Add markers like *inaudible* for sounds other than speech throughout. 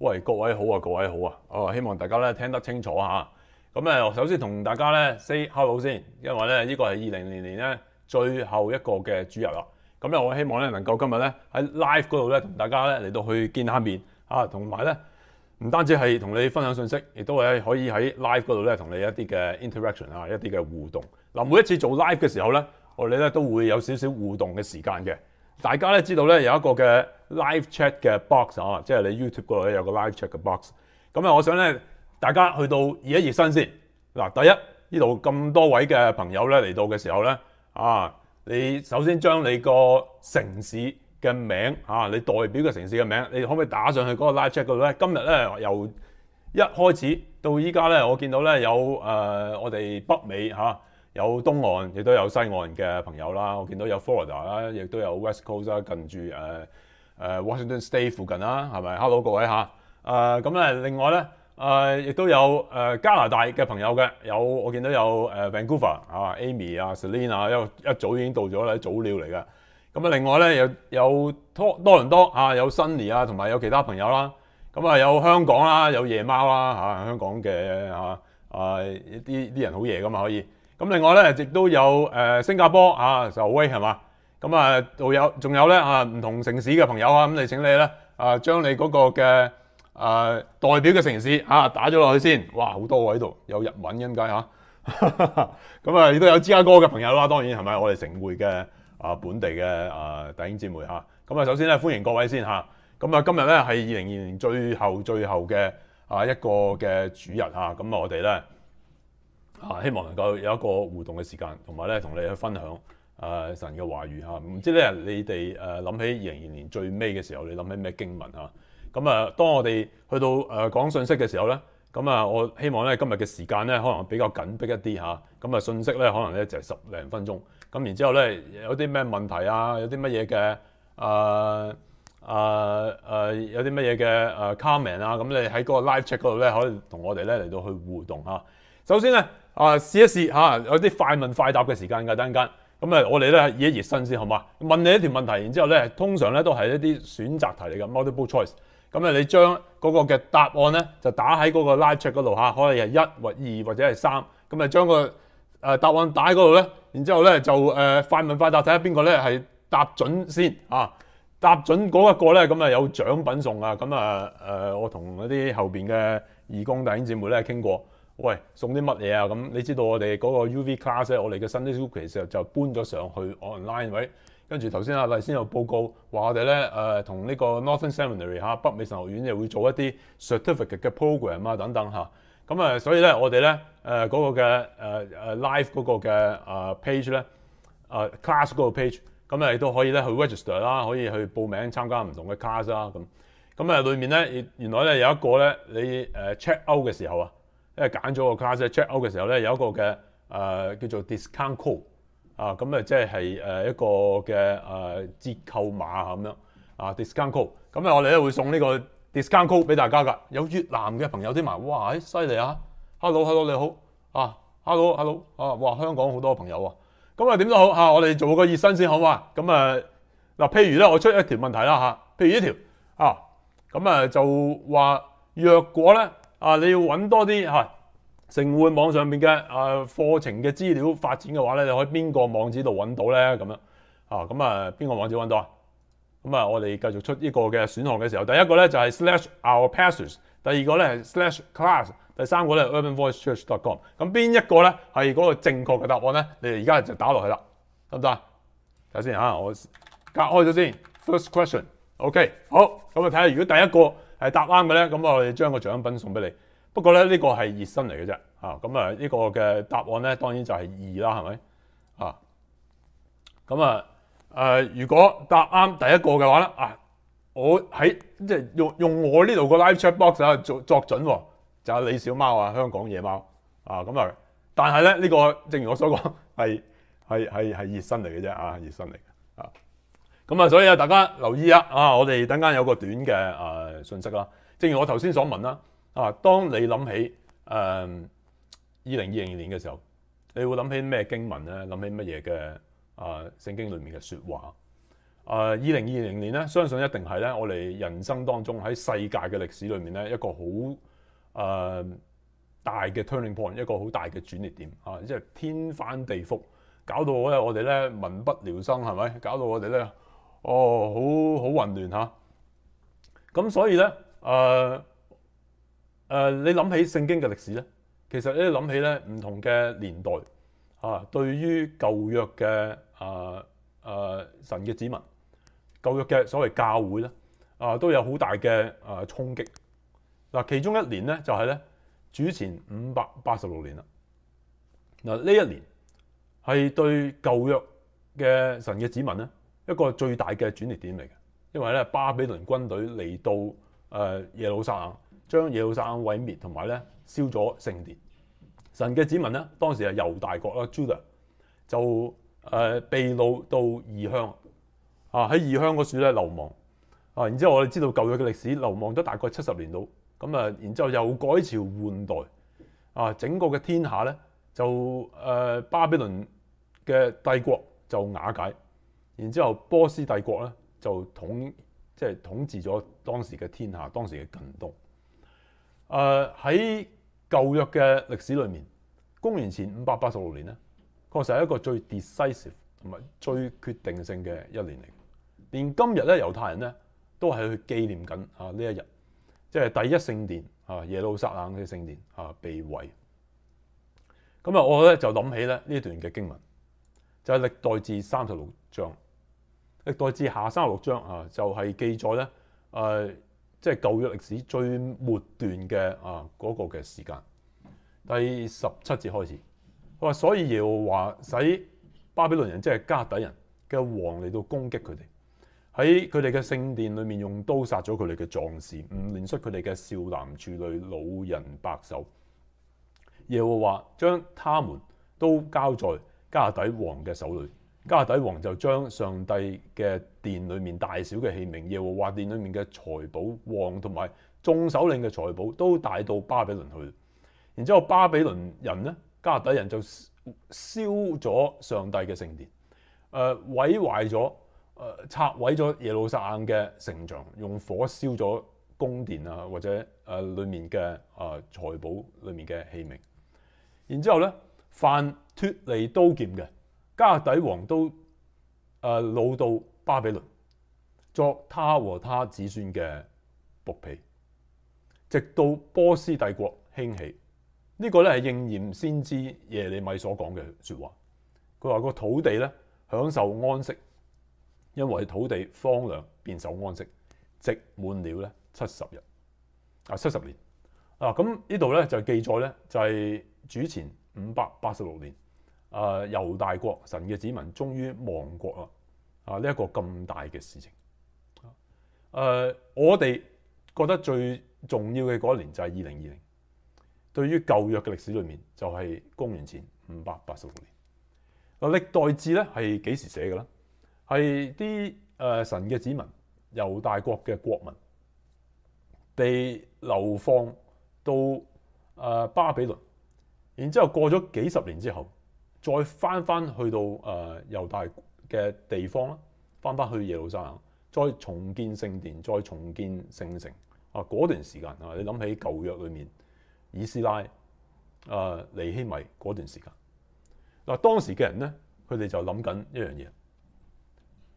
喂，各位好啊，各位好啊！哦、啊，希望大家咧聽得清楚嚇。咁、啊、誒，我首先同大家咧 say hello 先，因為咧呢個係二零二零年咧最後一個嘅主日啦。咁咧，我希望咧能夠今日咧喺 live 嗰度咧同大家咧嚟到去見下面啊，同埋咧唔單止係同你分享信息，亦都係可以喺 live 嗰度咧同你一啲嘅 interaction 啊，一啲嘅互動。嗱、啊，每一次做 live 嘅時候咧，我哋咧都會有少少互動嘅時間嘅。大家咧知道咧有一個嘅。Live chat 嘅 box 啊，即係你 YouTube 嗰度咧有個 live chat 嘅 box。咁啊，我想咧大家去到熱一熱身先。嗱、啊，第一呢度咁多位嘅朋友咧嚟到嘅時候咧，啊，你首先將你個城市嘅名啊，你代表嘅城市嘅名，你可唔可以打上去嗰個 live chat 嗰度咧？今日咧由一開始到依家咧，我見到咧有、呃、我哋北美、啊、有東岸，亦都有西岸嘅朋友啦。我見到有 Florida 啦，亦都有 West Coast 啦，近住、呃誒 Washington State 附近啦，係咪？Hello 各位嚇，誒咁咧，另外咧，誒、啊、亦都有誒加拿大嘅朋友嘅，有我見到有誒、啊、Vancouver 啊 Amy 啊，Selina、啊、一早已經到咗啦，早料嚟嘅。咁啊，另外咧有有多多倫多啊有 Sunny 啊，同埋、啊、有，有其他朋友啦。咁啊，有香港啦，有夜貓啦、啊、香港嘅啊一啲啲人好夜噶嘛可以。咁、啊、另外咧，亦都有誒、啊、新加坡啊，就 Way 係嘛。是咁啊，仲有仲有咧啊，唔同城市嘅朋友啊，咁你請你咧啊，將你嗰個嘅啊代表嘅城市啊打咗落去先。哇，好多喎喺度，有日文咁解嚇。咁啊，亦都有芝加哥嘅朋友啦，當然係咪？我哋城會嘅啊本地嘅啊弟兄姊妹嚇。咁啊，首先咧歡迎各位先嚇。咁啊，今日咧係二零二零最後最後嘅啊一個嘅主日嚇。咁我哋咧啊，希望能夠有一個互動嘅時間，同埋咧同你去分享。誒、啊、神嘅話語嚇，唔知咧你哋誒諗起二零二零年最尾嘅時候，你諗起咩經文嚇？咁啊，當我哋去到誒、啊、講信息嘅時候咧，咁啊，我希望咧今日嘅時間咧可能比較緊迫一啲嚇，咁啊信息咧可能咧就十零分鐘。咁、啊、然之後咧有啲咩問題啊？有啲乜嘢嘅誒誒誒有啲乜嘢嘅誒 comment 啊？咁、啊、你喺嗰個 live chat 嗰度咧可以同我哋咧嚟到去互動嚇、啊。首先咧啊，試一試嚇、啊、有啲快問快答嘅時間㗎，等陣間。咁我哋咧以一熱身先，好嘛？問你一條問題，然之後咧，通常咧都係一啲選擇題嚟嘅 multiple choice。咁你將嗰個嘅答案咧，就打喺嗰個 live chat 嗰度，可能係一或二或者係三。咁你將個答案打喺嗰度咧，然之後咧就快問快答睇下邊個咧係答準先啊！答準嗰一個咧，咁誒有獎品送啊！咁啊、呃、我同嗰啲後面嘅義工弟兄姐妹咧傾過。喂，送啲乜嘢啊？咁你知道我哋嗰個 UV class 咧，我哋嘅 Sunday speakers 就搬咗上去 online 位、right? 呃，跟住頭先阿黎先又報告話我哋咧同呢個 Northern Seminary、啊、北美神學院又會做一啲 certificate 嘅 program 啊等等嚇。咁啊，所以咧我哋咧嗰個嘅、呃呃、live 嗰個嘅、呃、page 咧、呃、class 嗰個 page，咁啊亦都可以咧去 register 啦，可以去報名參加唔同嘅 class 啦。咁咁啊，裏、啊、面咧原來咧有一個咧你 check out 嘅時候啊。揀咗個 class 咧 check out 嘅時候咧有一個嘅、呃、叫做 discount code 啊咁啊、嗯、即係一個嘅誒、呃、折扣碼咁樣啊 discount code 咁、嗯、啊我哋咧會送呢個 discount code 俾大家㗎。有越南嘅朋友添埋，哇誒犀利啊！Hello hello 你好啊，hello hello 啊，哇香港好多朋友啊！咁啊點都好、啊、我哋做個熱身先好嘛。咁啊嗱，譬如咧我出一條問題啦吓、啊，譬如呢條啊，咁、嗯、啊就話若果咧。啊！你要揾多啲吓，城、啊、滙網上面嘅啊課程嘅資料發展嘅話咧，就喺邊個網址度揾到咧？咁樣啊，咁啊邊、啊、個網址揾到啊？咁啊，我哋繼續出呢個嘅選項嘅時候，第一個咧就係、是、Slash Our Passes，第二個咧係 Slash Class，第三個咧係 urbanvoicechurch.com。咁邊一個咧係嗰個正確嘅答案咧？你哋而家就打落去啦，得唔得啊？睇先吓，我隔開咗先。First question，OK，、okay, 好，咁我睇下如果第一個。係答啱嘅咧，咁我哋將個獎品送俾你。不過咧，呢個係熱身嚟嘅啫，嚇咁啊！呢個嘅答案咧，當然就係二啦，係咪啊？咁啊誒，如果答啱第一個嘅話咧，啊，我喺即係用用我呢度個 live chat box 啊，作作準喎，就係李小貓啊，香港野貓啊，咁啊，但係咧，呢個正如我所講，係係係係熱身嚟嘅啫，啊，熱身嚟嘅啊。咁啊，所以啊，大家留意啊，啊，我哋等間有個短嘅誒信息啦，正如我頭先所問啦，啊，當你諗起誒二零二零年嘅時候，你會諗起咩經文咧？諗起乜嘢嘅啊聖經裏面嘅說話？啊，二零二零年咧，相信一定係咧我哋人生當中喺世界嘅歷史裏面咧一個好誒、啊、大嘅 turning point，一個好大嘅轉捩點啊！即係天翻地覆，搞到咧我哋咧民不聊生，係咪？搞到我哋咧，哦，好好混亂吓。咁所以咧，誒、呃、誒、呃、你諗起聖經嘅歷史咧，其實你諗起咧唔同嘅年代啊，對於舊約嘅誒誒神嘅子民、舊約嘅所謂教會咧，啊都有好大嘅誒、啊、衝擊嗱，其中一年咧就係、是、咧主前五百八十六年啦。嗱、啊、呢一年係對舊約嘅神嘅子民咧一個最大嘅轉捩點嚟嘅。因為咧，巴比倫軍隊嚟到誒耶路撒冷，將耶路撒冷毀滅，同埋咧燒咗聖殿。神嘅子民咧，當時係猶大國啦，Juda 就誒被擄到異鄉啊，喺異鄉嗰處咧流亡啊。然之後我哋知道舊約嘅歷史，流亡咗大概七十年度。咁啊。然之後又改朝換代啊，整個嘅天下咧就誒巴比倫嘅帝國就瓦解，然之後波斯帝國咧。就統即係統治咗當時嘅天下，當時嘅近東。喺、呃、舊約嘅歷史裏面，公元前五百八十六年呢確實係一個最 decisive 同埋最決定性嘅一年嚟。連今日咧，猶太人咧都係去紀念緊啊呢一日，即係第一聖殿啊耶路撒冷嘅聖殿啊被毀。咁啊，我咧就諗起咧呢一段嘅經文，就係、是、歷代志三十六章。歷代志下三十六章啊，就係、是、記載咧，誒、呃，即、就、係、是、舊約歷史最末段嘅啊嗰個嘅時間，第十七節開始。佢話：所以耶和華使巴比倫人，即係迦底人嘅王嚟到攻擊佢哋，喺佢哋嘅聖殿裏面用刀殺咗佢哋嘅壯士，唔憐恤佢哋嘅少男處女、老人、白叟。耶和華將他們都交在迦底王嘅手裏。加底王就將上帝嘅殿裏面大小嘅器皿、耶和華殿裏面嘅財寶、王同埋眾首領嘅財寶都帶到巴比倫去。然之後巴比倫人呢，加底人就燒咗上帝嘅聖殿，誒毀壞咗、誒拆毀咗耶路撒冷嘅城牆，用火燒咗宮殿啊，或者誒裏面嘅誒財寶裏面嘅器皿。然之後呢，凡脫離刀劍嘅。家底王都誒擄到巴比倫，作他和他子孫嘅僕婢，直到波斯帝國興起，呢、這個咧係應驗先知耶利米所講嘅説話。佢話個土地咧享受安息，因為土地荒涼，便受安息，直滿了咧七十日啊七十年啊，咁、啊、呢度咧就記載咧就係、是、主前五百八十六年。啊！猶大國神嘅子民終於亡國啦！啊，呢、這、一個咁大嘅事情。誒、啊，我哋覺得最重要嘅嗰一年就係二零二零，對於舊約嘅歷史裏面就係、是、公元前五百八十六年。啊，歷代志咧係幾時寫嘅咧？係啲誒神嘅子民猶大國嘅國民被流放到誒、呃、巴比倫，然之後過咗幾十年之後。再翻翻去到誒猶大嘅地方啦，翻翻去耶路撒冷，再重建聖殿，再重建聖城啊！嗰段時間啊，你諗起舊約裏面以斯拉誒尼希米嗰段時間，嗱，當時嘅人咧，佢哋就諗緊一樣嘢，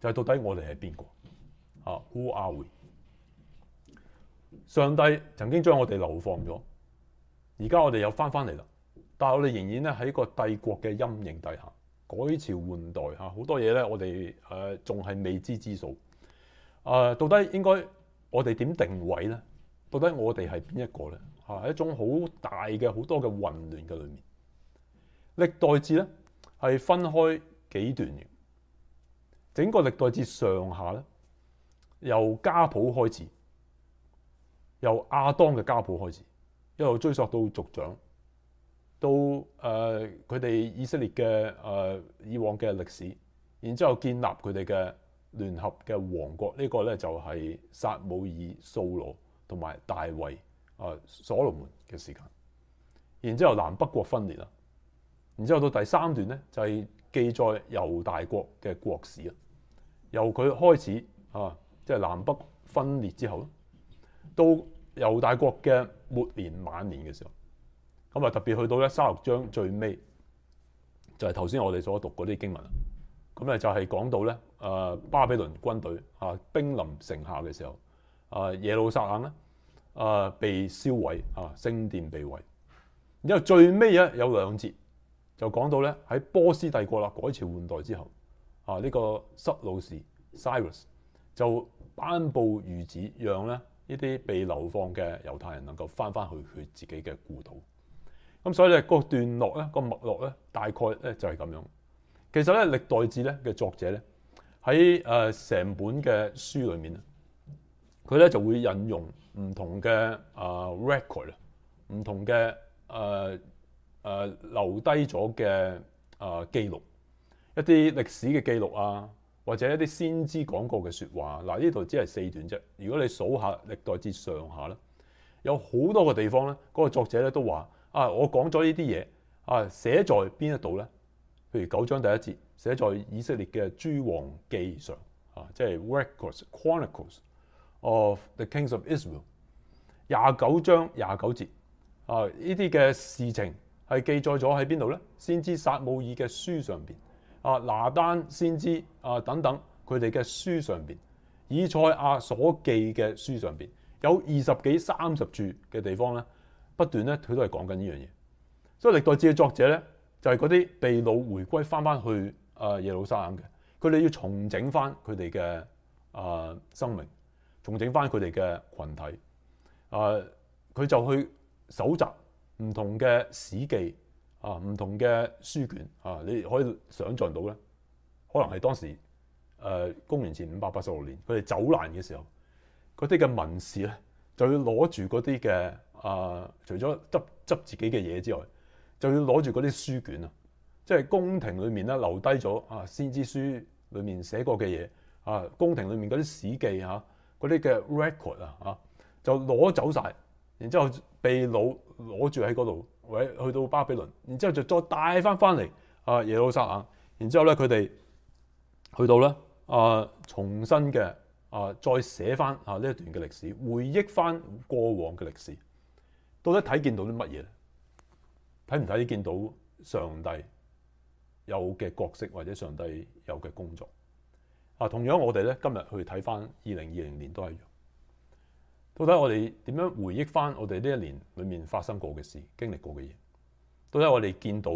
就係、是、到底我哋係邊個啊？Who are we? 上帝曾經將我哋流放咗，而家我哋又翻翻嚟啦。但係我哋仍然咧喺個帝國嘅陰影底下，改朝換代嚇好多嘢咧，我哋誒仲係未知之數。誒到底應該我哋點定位咧？到底我哋係邊一個咧？嚇係一種好大嘅好多嘅混亂嘅裏面，歷代志咧係分開幾段嘅。整個歷代志上下咧，由家譜開始，由亞當嘅家譜開始，一路追溯到族長。到誒佢哋以色列嘅誒、呃、以往嘅歷史，然之後建立佢哋嘅聯合嘅王國，這個、呢個咧就係、是、撒母耳、掃羅同埋大衛啊、呃、所羅門嘅時間。然之後南北國分裂啦，然之後到第三段咧就係、是、記載猶大國嘅國史他啊，由佢開始啊，即係南北分裂之後，到猶大國嘅末年晚年嘅時候。咁啊！特別去到咧三十六章最尾，就係頭先我哋所讀嗰啲經文啦。咁咧就係講到咧，誒巴比倫軍隊啊兵臨城下嘅時候，啊耶路撒冷咧啊被燒毀啊聖殿被毀。然之後最尾啊有兩節就講到咧喺波斯帝國啦改朝換代之後啊呢、這個塞魯士 Cyrus 就頒布諭旨，讓咧呢啲被流放嘅猶太人能夠翻翻去佢自己嘅故土。咁所以咧個段落咧個脈絡咧大概咧就係咁樣。其實咧歷代志咧嘅作者咧喺誒成本嘅書裏面，佢咧就會引用唔同嘅啊 record 啊，唔同嘅誒誒留低咗嘅啊記錄，一啲歷史嘅記錄啊，或者一啲先知講過嘅説話嗱。呢度只係四段啫。如果你數下歷代志上下咧，有好多個地方咧，嗰個作者咧都話。啊！我講咗呢啲嘢，啊，寫在邊一度呢？譬如九章第一節寫在以色列嘅諸王記上，啊，即係 Records Chronicles of the Kings of Israel，廿九章廿九節，啊，呢啲嘅事情係記載咗喺邊度呢？先知撒母耳嘅書上邊，啊，拿單先知，啊，等等佢哋嘅書上邊，以賽亞所記嘅書上邊，有二十幾三十處嘅地方呢。不斷咧，佢都係講緊呢樣嘢，所以歷代志嘅作者咧就係嗰啲被擄回歸翻翻去啊耶路撒冷嘅，佢哋要重整翻佢哋嘅啊生命，重整翻佢哋嘅群體啊，佢就去搜集唔同嘅史記啊，唔同嘅書卷啊，你可以想象到咧，可能係當時誒公元前五百八十六年佢哋走難嘅時候，嗰啲嘅文士咧就要攞住嗰啲嘅。啊！除咗執執自己嘅嘢之外，就要攞住嗰啲書卷啊，即係宮廷裏面咧留低咗啊先知書裏面寫過嘅嘢啊，宮廷裏面嗰啲史記啊，嗰啲嘅 record 啊，嚇就攞走晒。然之後被擄擄住喺嗰度，或者去到巴比倫，然之後就再帶翻翻嚟啊耶路撒冷，然之後咧佢哋去到咧啊重新嘅啊再寫翻啊呢一段嘅歷史，回憶翻過往嘅歷史。到底睇見到啲乜嘢咧？睇唔睇見到上帝有嘅角色，或者上帝有嘅工作啊？同樣我哋咧，今日去睇翻二零二零年都一樣。到底我哋點樣回憶翻我哋呢一年裏面發生過嘅事、經歷過嘅嘢？到底我哋見到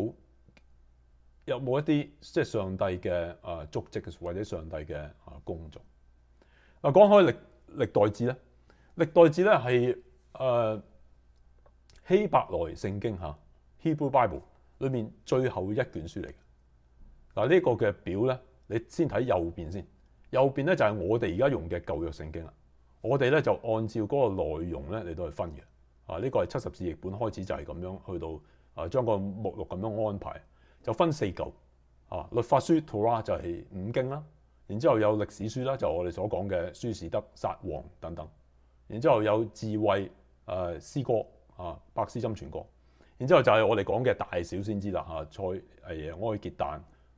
有冇一啲即係上帝嘅啊足跡，或者上帝嘅啊工作啊？講開歷歷代志咧，歷代志咧係誒。希伯來聖經嚇《Hebrew Bible》裏面最後一卷書嚟嘅嗱。呢、這個嘅表咧，你先睇右邊先。右邊咧就係我哋而家用嘅舊約聖經啦。我哋咧就按照嗰個內容咧，你都去分嘅啊。呢、這個係七十士譯本開始就係咁樣去到啊，將個目錄咁樣安排就分四嚿啊。律法書《Torah》就係五經啦，然之後有歷史書啦，就係、我哋所講嘅《舒士德撒王》等等，然之後有智慧誒詩歌。啊，伯、詩、箴、傳、歌，然之後就係我哋講嘅大小先知啦。嚇，賽、耶、哀、結、但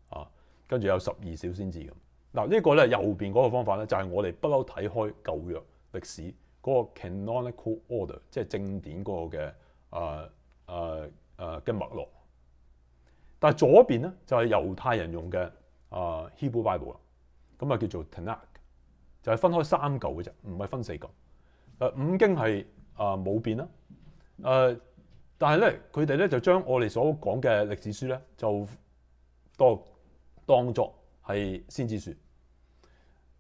啊，跟住有十二小先知咁嗱。這個、呢個咧右邊嗰個方法咧就係我哋不嬲睇開舊約歷史嗰個 canonical order，即係正典嗰個嘅啊啊啊嘅脈絡。但係左邊咧就係、是、猶太人用嘅啊 Hebrew Bible 啦，咁啊叫做 Tanak，就係分開三嚿嘅啫，唔係分四嚿。誒、啊、五經係啊冇變啦。誒、呃，但係咧，佢哋咧就將我哋所講嘅歷史書咧，就當當作係先知書。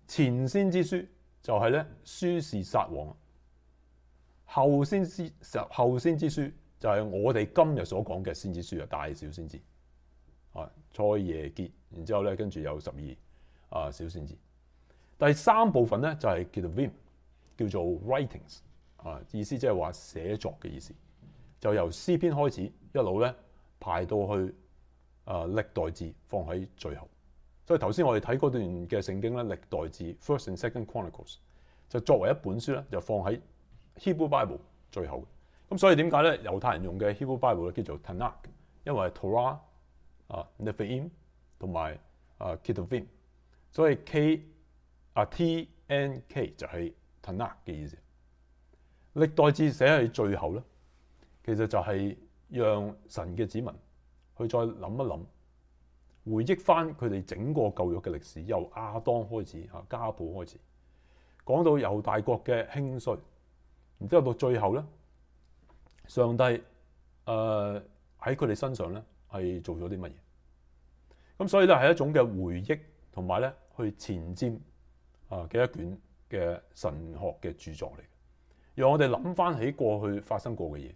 前先知書就係咧書士撒王，後先知後先知書就係我哋今日所講嘅先知書啊，大小先知啊，賽耶結，然之後咧跟住有十二啊、呃、小先知。第三部分咧就係、是、叫做 Ketuvim，叫做 Writings。啊！意思即係話寫作嘅意思，就由詩篇開始一路咧排到去啊歷代志放喺最後，所以頭先我哋睇段嘅聖經咧，歷代志 First and Second Chronicles 就作為一本書咧，就放喺 Hebrew Bible 最後。咁所以點解咧？猶太人用嘅 Hebrew Bible 叫做 Tanakh，因為是 Torah 啊、Nephiim 同埋啊 Kitofim，所以 K 啊 T N K 就係 Tanakh 嘅意思。歷代志寫喺最後咧，其實就係讓神嘅子民去再諗一諗，回憶翻佢哋整個舊約嘅歷史，由亞當開始嚇，家譜開始講到由大國嘅興衰，然之後到最後咧，上帝誒喺佢哋身上咧係做咗啲乜嘢？咁所以咧係一種嘅回憶同埋咧去前瞻啊嘅一卷嘅神學嘅著作嚟。讓我哋諗翻起過去發生過嘅嘢，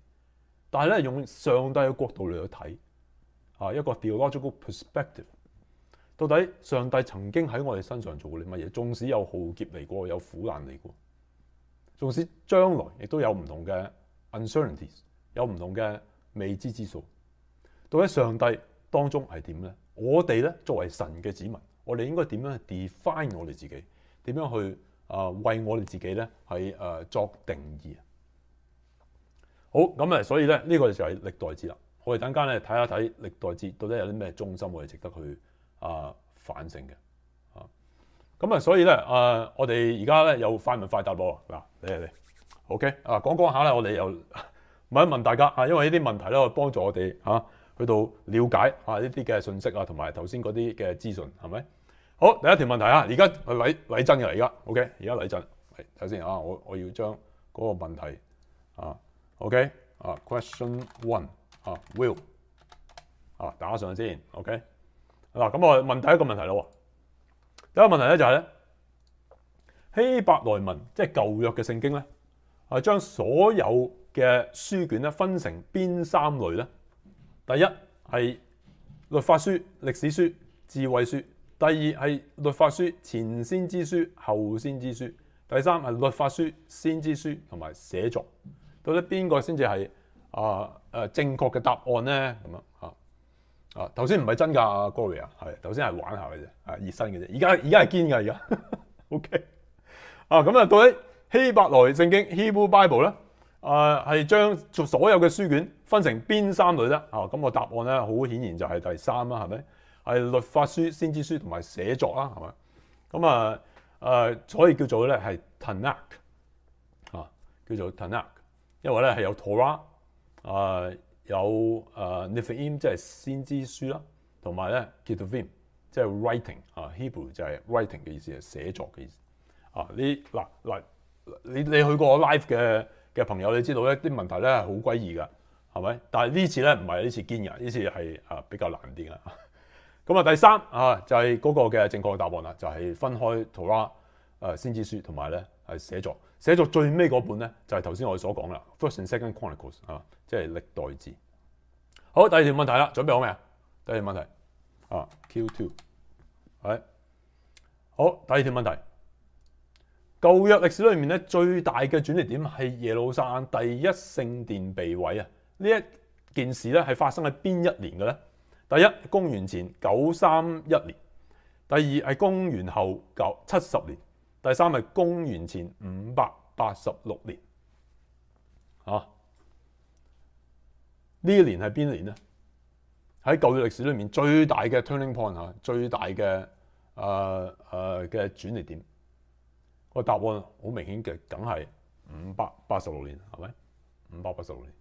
但係咧用上帝嘅角度嚟去睇，啊一個 theological perspective，到底上帝曾經喺我哋身上做過啲乜嘢？縱使有浩劫嚟過，有苦難嚟過，縱使將來亦都有唔同嘅 uncertainties，有唔同嘅未知之數，到底上帝當中係點咧？我哋咧作為神嘅子民，我哋應該點樣去 define 我哋自己？點樣去？啊，為我哋自己咧係誒作定義啊！好咁啊、這個，所以咧呢個就係歷代志啦。我哋等間咧睇一睇歷代志到底有啲咩中心我哋值得去啊反省嘅啊！咁啊，所以咧啊，我哋而家咧有快問快答喎，嗱嚟嚟 OK 啊，講講下啦，我哋又問一問大家啊，因為呢啲問題咧，幫助我哋嚇去到了解啊呢啲嘅信息啊，同埋頭先嗰啲嘅資訊係咪？好，第一條問題啊！而家嚟嚟真嘅啦，而家，OK，而家嚟真，嚟睇先啊！我我要將嗰個問題啊，OK，啊，Question One，啊，Will，啊，打上先，OK。嗱，咁我問第一個問題咯。第一個問題咧就係咧，希伯來文即係舊約嘅聖經咧，啊，將所有嘅書卷咧分成邊三類咧？第一係律法書、歷史書、智慧書。第二係律法書前先之書，後先之書。第三係律法書先知書同埋寫作。到底邊個先至係啊？誒正確嘅答案咧，咁樣嚇啊！頭先唔係真㗎 Gary 啊，係頭先係玩下嘅啫，係熱身嘅啫。而家而家係堅㗎，而家 OK 啊！咁啊，到底希伯來聖經 *music* Hebrew Bible 咧？誒、呃、係將所有嘅書卷分成邊三類咧？啊、哦、咁，那個答案咧，好顯然就係第三啦，係咪？係律法書、先知書同埋寫作啦，係咪咁啊？誒，呃，所以叫做咧係 Tanakh 啊，叫做 Tanakh，因為咧係有 Torah 啊，有誒 Nevi'im 即係先知書啦，同埋咧 Ketuvim 即係 writing 啊，Hebrew 就係 writing 嘅意思，係寫作嘅意思啊。你嗱嗱你你去過 live 嘅嘅朋友，你知道咧啲問題咧係好鬼易噶，係咪？但係呢次咧唔係，呢次堅人，呢次係啊比較難啲啦。咁啊，第三啊，就係、是、嗰個嘅正確答案啦，就係、是、分開妥拉」誒先知書同埋咧係寫作，寫作最尾嗰本咧就係頭先我哋所講啦，First and Second Chronicles 啊，即係歷代志。好，第二條問題啦，準備好未啊？第二條問題啊，Q two，係好，第二條問題，舊約歷史裏面咧最大嘅轉折點係耶路撒冷第一聖殿被毀啊，呢一件事咧係發生喺邊一年嘅咧？第一，公元前九三一年；第二係公元後九七十年；第三係公元前五百八十六年。啊，呢一年係邊年呢？喺舊約歷史裏面最大嘅 turning point 啊，最大嘅誒誒嘅轉捩點。個答案好明顯嘅，梗係五百八十六年，係咪？五百八十六年。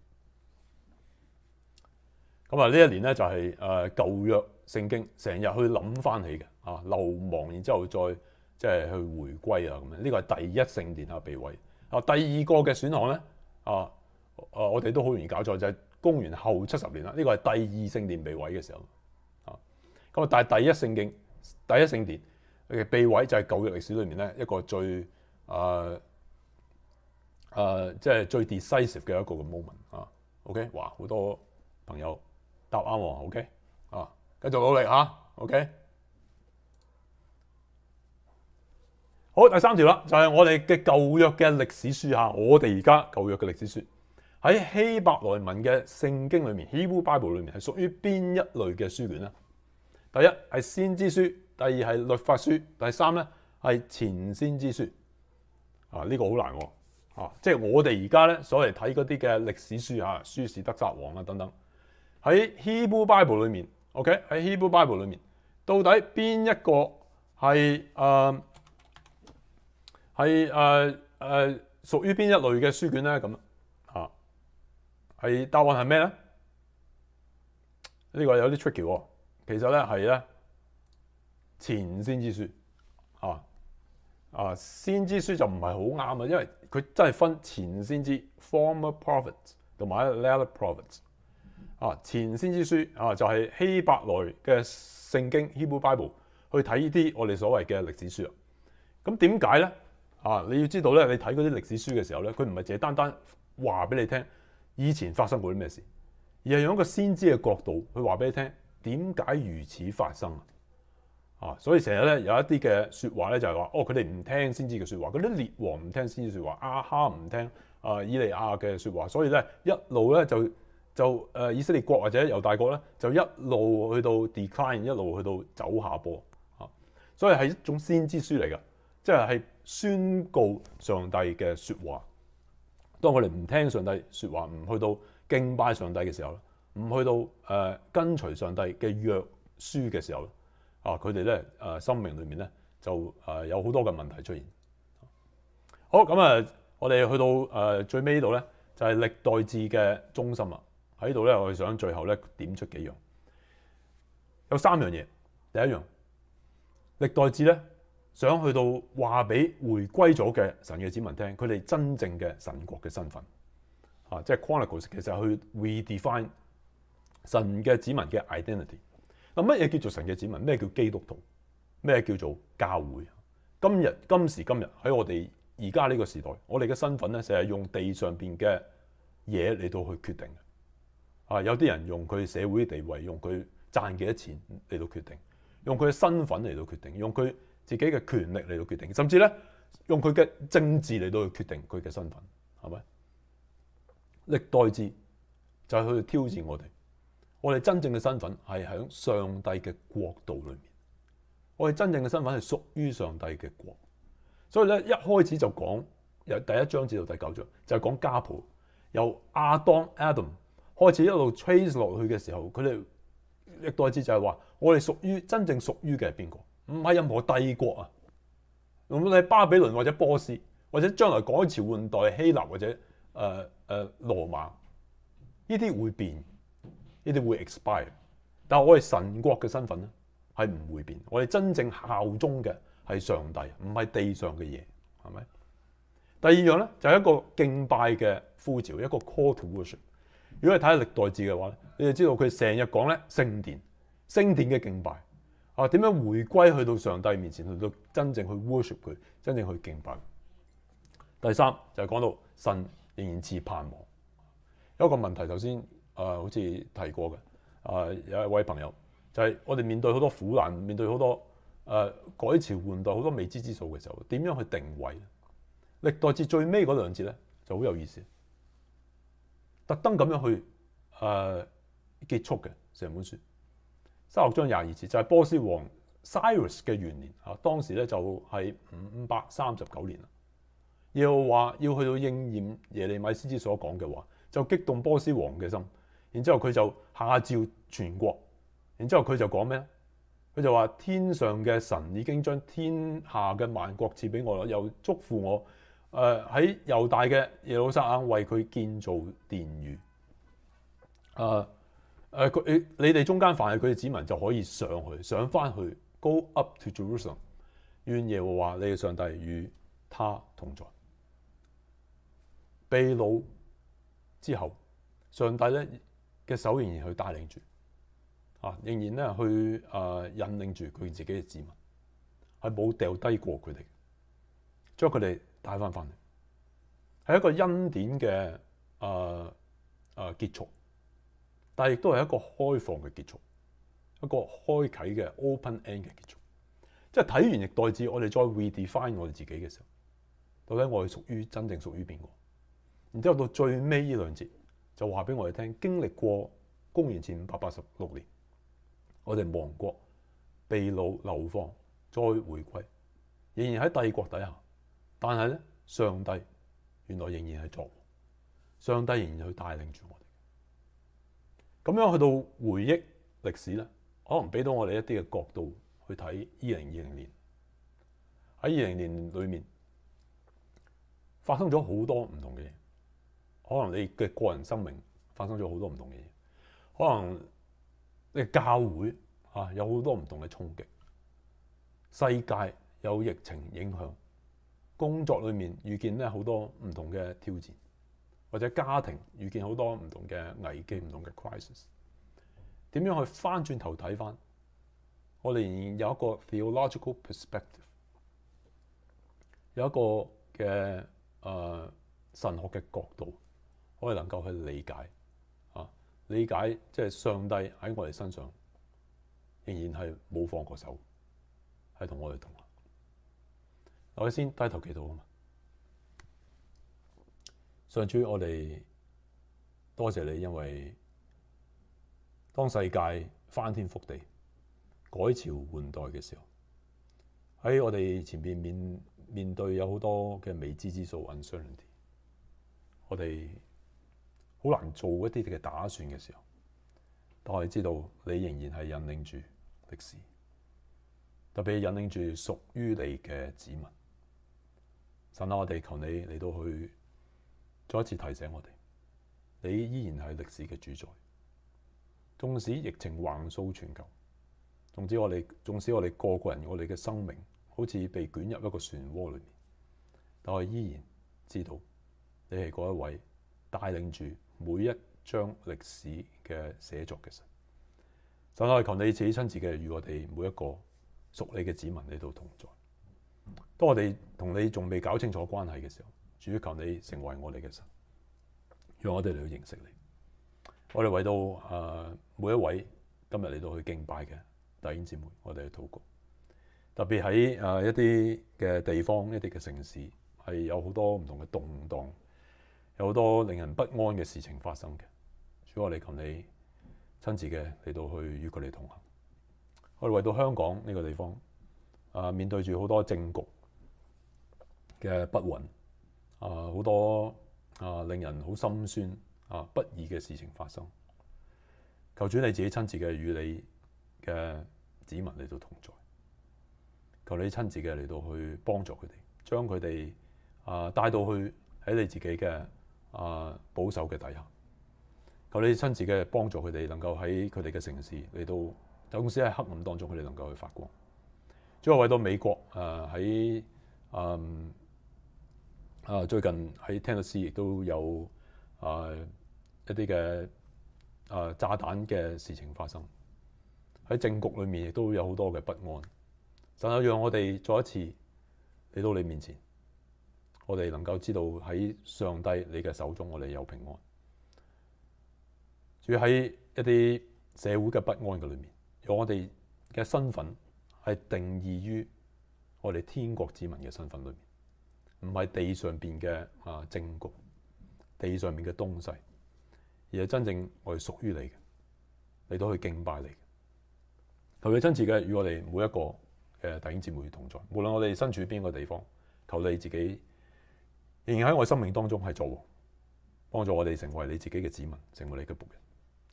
咁啊呢一年咧，就係誒舊約聖經成日去諗翻起嘅啊，流亡，然之後再即係去回歸啊咁樣，呢個係第一聖殿啊被毀啊。第二個嘅選項咧啊，誒我哋都好容易搞錯就係公元後七十年啦，呢個係第二聖殿被毀嘅時候啊咁啊，但係第一聖經第一聖殿嘅被毀就係舊約歷史裏面咧一個最誒誒即係最 decisive 嘅一個 moment 啊 OK 哇好多朋友～答啱喎，OK 啊，繼續努力吓，OK。好，第三條啦，就係、是、我哋嘅舊約嘅歷史書啊。我哋而家舊約嘅歷史書喺希伯來文嘅聖經裏面，Hebrew Bible 裏面係屬於邊一類嘅書卷咧？第一係先知書，第二係律法書，第三咧係前先知書。啊，呢個好難喎，啊，即係我哋而家咧所謂睇嗰啲嘅歷史書啊，書士得撒王啊等等。喺 Hebrew Bible 裏面，OK，喺 Hebrew Bible 裏面，到底邊一個係誒係誒誒屬於邊一類嘅書卷咧？咁啊，係答案係咩咧？呢個有啲出奇 tricky 喎。其實咧係咧前先知書啊，啊先知書就唔係好啱啊，因為佢真係分前先知 （former prophets） 同埋 latter prophets。啊，前先知書啊，就係希伯來嘅聖經 Hebrew Bible，去睇呢啲我哋所謂嘅歷史書啊。咁點解咧？啊，你要知道咧，你睇嗰啲歷史書嘅時候咧，佢唔係凈係單單話俾你聽以前發生過啲咩事，而係用一個先知嘅角度去話俾你聽點解如此發生啊。啊，所以成日咧有一啲嘅説話咧，就係話哦，佢哋唔聽先知嘅説話，嗰啲列王唔聽先知説話，亞哈唔聽啊，以利亞嘅説話，所以咧一路咧就。就誒，以色列國或者猶大國咧，就一路去到 decline，一路去到走下坡啊！所以係一種先知書嚟㗎，即係係宣告上帝嘅説話。當佢哋唔聽上帝説話，唔去到敬拜上帝嘅時候咧，唔去到誒跟隨上帝嘅約書嘅時候咧，啊佢哋咧誒生命裏面咧就誒有好多嘅問題出現。好，咁啊，我哋去到誒最尾呢度咧，就係、是、歷代志嘅中心啦。喺度咧，我哋想最後咧點出幾樣，有三樣嘢。第一樣歷代志咧，想去到話俾回歸咗嘅神嘅子民聽，佢哋真正嘅神國嘅身份啊，即係 Chronicles 其實去 redefine 神嘅子民嘅 identity。嗱，乜嘢叫做神嘅子民？咩叫基督徒？咩叫做教會？今日今時今日喺我哋而家呢個時代，我哋嘅身份咧，成日用地上邊嘅嘢嚟到去決定的。啊！有啲人用佢社會地位，用佢賺幾多錢嚟到決定，用佢嘅身份嚟到決定，用佢自己嘅權力嚟到決定，甚至咧用佢嘅政治嚟到去決定佢嘅身份，係咪歷代志就係、是、去挑戰我哋？我哋真正嘅身份係喺上帝嘅國度裏面，我哋真正嘅身份係屬於上帝嘅國。所以咧，一開始就講由第一章至到第九章就係、是、講家譜，由亞當 Adam, Adam。開始一路 chase 落去嘅時候，佢哋亦都知就係話，我哋屬於真正屬於嘅係邊個？唔係任何帝國啊，咁你巴比倫或者波斯，或者將來改朝換代希臘或者誒誒、呃呃、羅馬，呢啲會變，呢啲會 expire。但係我哋神國嘅身份咧，係唔會變。我哋真正效忠嘅係上帝，唔係地上嘅嘢，係咪？第二樣咧就係、是、一個敬拜嘅呼召，一個 call to worship。如果你睇下歷代志嘅話咧，你就知道佢成日講咧聖殿、聖殿嘅敬拜啊，點樣回歸去到上帝面前，去到真正去 worship 佢，真正去敬拜。第三就係講到神仍然自盼望。有一個問題，頭先誒，好似提過嘅誒、呃，有一位朋友就係我哋面對好多苦難，面對好多誒、呃、改朝換代，好多未知之數嘅時候，點樣去定位？歷代志最尾嗰兩節咧就好有意思。特登咁樣去誒、呃、結束嘅成本書，三十六章廿二節就係、是、波斯王 Cyrus 嘅元年嚇，當時咧就係五百三十九年啦。要話要去到應驗耶利米先知所講嘅話，就激動波斯王嘅心，然之後佢就下詔全國，然之後佢就講咩？佢就話天上嘅神已經將天下嘅萬國賜俾我啦，又祝福我。誒喺、呃、猶大嘅耶路撒冷為佢建造殿宇。佢、呃呃、你哋中間凡係佢嘅子民就可以上去上翻去。Go up to Jerusalem，願耶和華，你嘅上帝與他同在。被擄之後，上帝咧嘅手仍然去帶領住，啊，仍然咧去、呃、引領住佢自己嘅子民，係冇掉低過佢哋，將佢哋。帶翻翻嚟係一個恩典嘅誒誒結束，但係亦都係一個開放嘅結束，一個開啟嘅 open end 嘅結束。即係睇完歷代志，我哋再 redefine 我哋自己嘅時候，到底我哋屬於真正屬於邊個？然之後到最尾呢兩節就話俾我哋聽，經歷過公元前五百八十六年，我哋亡國被擄流放再回歸，仍然喺帝國底下。但係咧，上帝原來仍然係作主，上帝仍然去帶領住我哋。咁樣去到回憶歷史咧，可能俾到我哋一啲嘅角度去睇二零二零年。喺二零年裏面發生咗好多唔同嘅嘢，可能你嘅個人生命發生咗好多唔同嘅嘢，可能你嘅教會啊有好多唔同嘅衝擊，世界有疫情影響。工作裏面遇見咧好多唔同嘅挑戰，或者家庭遇見好多唔同嘅危機、唔同嘅 crisis，點樣去翻轉頭睇翻？我哋仍然有一個 theological perspective，有一個嘅、呃、神學嘅角度，我哋能夠去理解啊，理解即係、就是、上帝喺我哋身上仍然係冇放過手，係同我哋同行。我哋先低頭祈禱啊。上主我哋多謝，謝你，因為當世界翻天覆地、改朝換代嘅時候，喺我哋前面面，面對有好多嘅未知之數 uncertainty，我哋好難做一啲嘅打算嘅時候，但係我哋知道你仍然係引領住歷史，特別係引領住屬於你嘅子民。神啊，我哋求你嚟到去，再一次提醒我哋，你依然係歷史嘅主宰。縱使疫情橫掃全球，縱使我哋，縱使我哋個個人，我哋嘅生命好似被捲入一個漩渦裏面，但係依然知道你係嗰一位帶領住每一張歷史嘅寫作嘅神。神啊，我哋求你親自與我哋每一個屬你嘅子民嚟到同在。當我哋同你仲未搞清楚關係嘅時候，主求你成為我哋嘅神，讓我哋嚟去認識你。我哋為到誒、呃、每一位今日嚟到去敬拜嘅弟兄姊妹，我哋去禱告。特別喺誒、呃、一啲嘅地方，一啲嘅城市係有好多唔同嘅動蕩，有好多令人不安嘅事情發生嘅。主要我哋求你親自嘅嚟到去與佢哋同行。我哋為到香港呢個地方，啊、呃、面對住好多政局。嘅不穩，啊，好多啊令人好心酸啊不易嘅事情發生，求主你自己親自嘅與你嘅子民嚟到同在，求你親自嘅嚟到去幫助佢哋，將佢哋啊帶到去喺你自己嘅啊保守嘅底下。求你親自嘅幫助佢哋，能夠喺佢哋嘅城市嚟到，即使喺黑暗當中，佢哋能夠去發光。最後為到美國，誒喺嗯。啊！最近喺田納西，亦都有啊一啲嘅啊炸彈嘅事情發生喺政局裏面，亦都有好多嘅不安。神啊，讓我哋再一次嚟到你面前，我哋能夠知道喺上帝你嘅手中，我哋有平安。住喺一啲社會嘅不安嘅裏面，讓我哋嘅身份係定義於我哋天國子民嘅身份裏面。唔係地上邊嘅啊政局，地上面嘅東西，而係真正我哋屬於你嘅，你都去敬拜你。求你親自嘅與我哋每一個嘅弟兄姐妹同在，無論我哋身處邊個地方，求你自己仍然喺我哋生命當中係做，幫助我哋成為你自己嘅子民，成為你嘅僕人，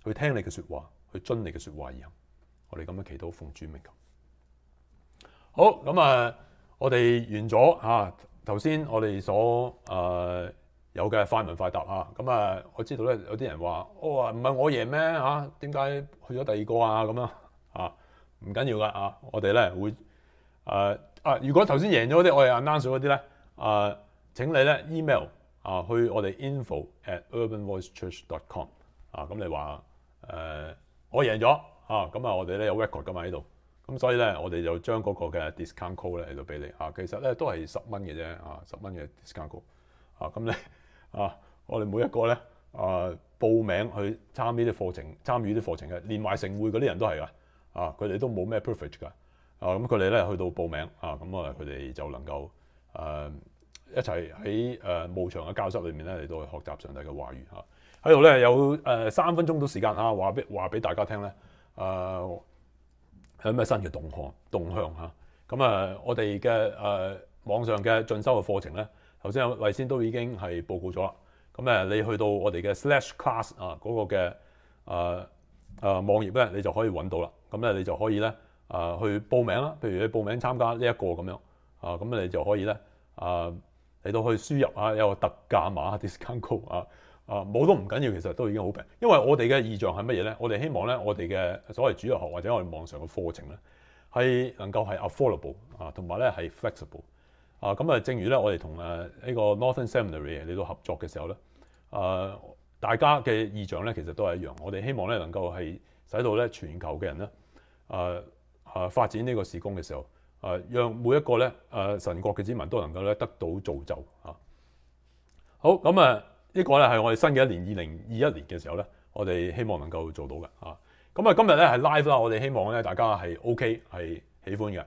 去聽你嘅說話，去遵你嘅說話而行。我哋咁樣祈禱奉主名。好，咁啊，我哋完咗啊。頭先我哋所誒、呃、有嘅快問快答啊，咁啊我知道咧有啲人話，哦，唔係我贏咩嚇？點、啊、解去咗第二個啊？咁樣啊，唔緊要噶啊，我哋咧會誒啊，如果頭先贏咗啲，我哋 announce 嗰啲咧誒，請你咧 email 啊，去我哋 info@urbanvoicechurch.com 啊，咁、嗯、你話誒、啊、我贏咗啊，咁啊我哋咧有 record 噶嘛喺度。咁所以咧，我哋就將嗰個嘅 discount code 咧嚟到俾你、啊、其實咧都係十蚊嘅啫啊，十蚊嘅 discount code 啊，咁咧啊，我哋每一個咧啊報名去參與啲課程，參與啲課程嘅連埋成會嗰啲人都係噶啊，佢哋都冇咩 privilege 噶啊，咁佢哋咧去到報名啊，咁啊佢哋就能夠、啊、一齊喺誒無牆嘅教室裏面咧嚟到學習上帝嘅話語啊，喺度咧有三、啊、分鐘到時間啊，話俾話俾大家聽咧、啊有咩新嘅動向動向吓，咁啊！我哋嘅誒網上嘅進修嘅課程咧，頭先維先都已經係報告咗啦。咁、啊、咧，你去到我哋嘅 Slash Class 啊嗰、那個嘅誒誒網頁咧，你就可以揾到啦。咁咧，你就可以咧誒、啊、去報名啦。譬如你報名參加呢一個咁樣啊，咁你就可以咧誒嚟到去輸入啊有個特價碼 discount code 啊。啊，冇都唔緊要，其實都已經好平。因為我哋嘅意象係乜嘢咧？我哋希望咧，我哋嘅所謂主流學或者我哋網上嘅課程咧，係能夠係 affordable 啊，同埋咧係 flexible 啊。咁啊，正如咧我哋同誒呢個 Northern Seminary 嚟到合作嘅時候咧，誒、啊、大家嘅意象咧，其實都係一樣。我哋希望咧能夠係使到咧全球嘅人咧誒誒發展呢個事工嘅時候誒、啊，讓每一個咧誒、啊、神國嘅子民都能夠咧得到造就嚇、啊。好咁啊！呢個咧係我哋新嘅一年，二零二一年嘅時候咧，我哋希望能夠做到嘅啊！咁啊，今日咧係 live 啦，我哋希望咧大家係 OK 係喜歡嘅。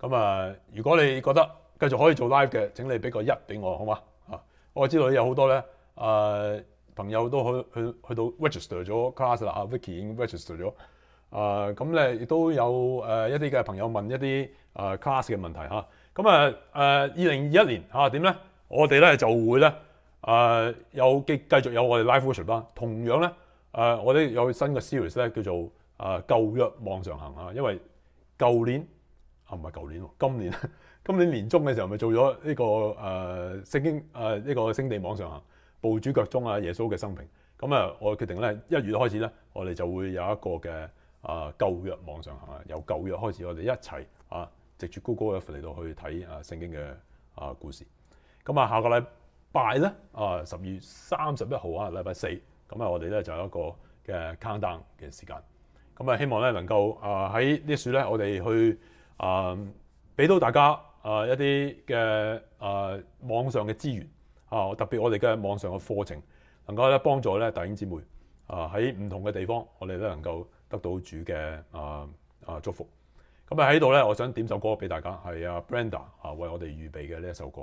咁啊，如果你覺得繼續可以做 live 嘅，請你俾個一俾我好嗎？啊，我知道有好多咧，誒朋友都去去去到 register 咗 class 啦，Vicky 已經 register 咗，誒咁咧亦都有誒一啲嘅朋友問一啲誒 class 嘅問題嚇。咁啊誒二零二一年嚇點咧？我哋咧就會咧。誒有繼繼續有我哋 live worship 啦，同樣咧誒、呃，我哋有新嘅 series 咧，叫做誒舊約網上行啊。因為舊年啊唔係舊年喎，今年今年年中嘅時候咪做咗呢、這個誒、呃、聖經誒呢、呃、個聖地網上行，佈主腳蹤啊，耶穌嘅生平。咁啊，我決定咧一月開始咧，我哋就會有一個嘅誒舊約網上行啊，由舊約開始我，我哋一齊啊，藉住 Google Earth 嚟到去睇啊聖經嘅啊故事。咁啊，下個禮拜拜咧啊！十二月三十一號啊，禮拜四咁啊，我哋咧就有一個嘅 countdown 嘅時間。咁啊，希望咧能夠啊喺呢啲樹咧，我哋去啊，俾到大家啊一啲嘅啊網上嘅資源啊，特別我哋嘅網上嘅課程，能夠咧幫助咧弟兄姊妹啊喺唔同嘅地方，我哋都能夠得到主嘅啊啊祝福。咁啊喺度咧，我想點首歌俾大家，係啊 Brenda 啊為我哋預備嘅呢一首歌。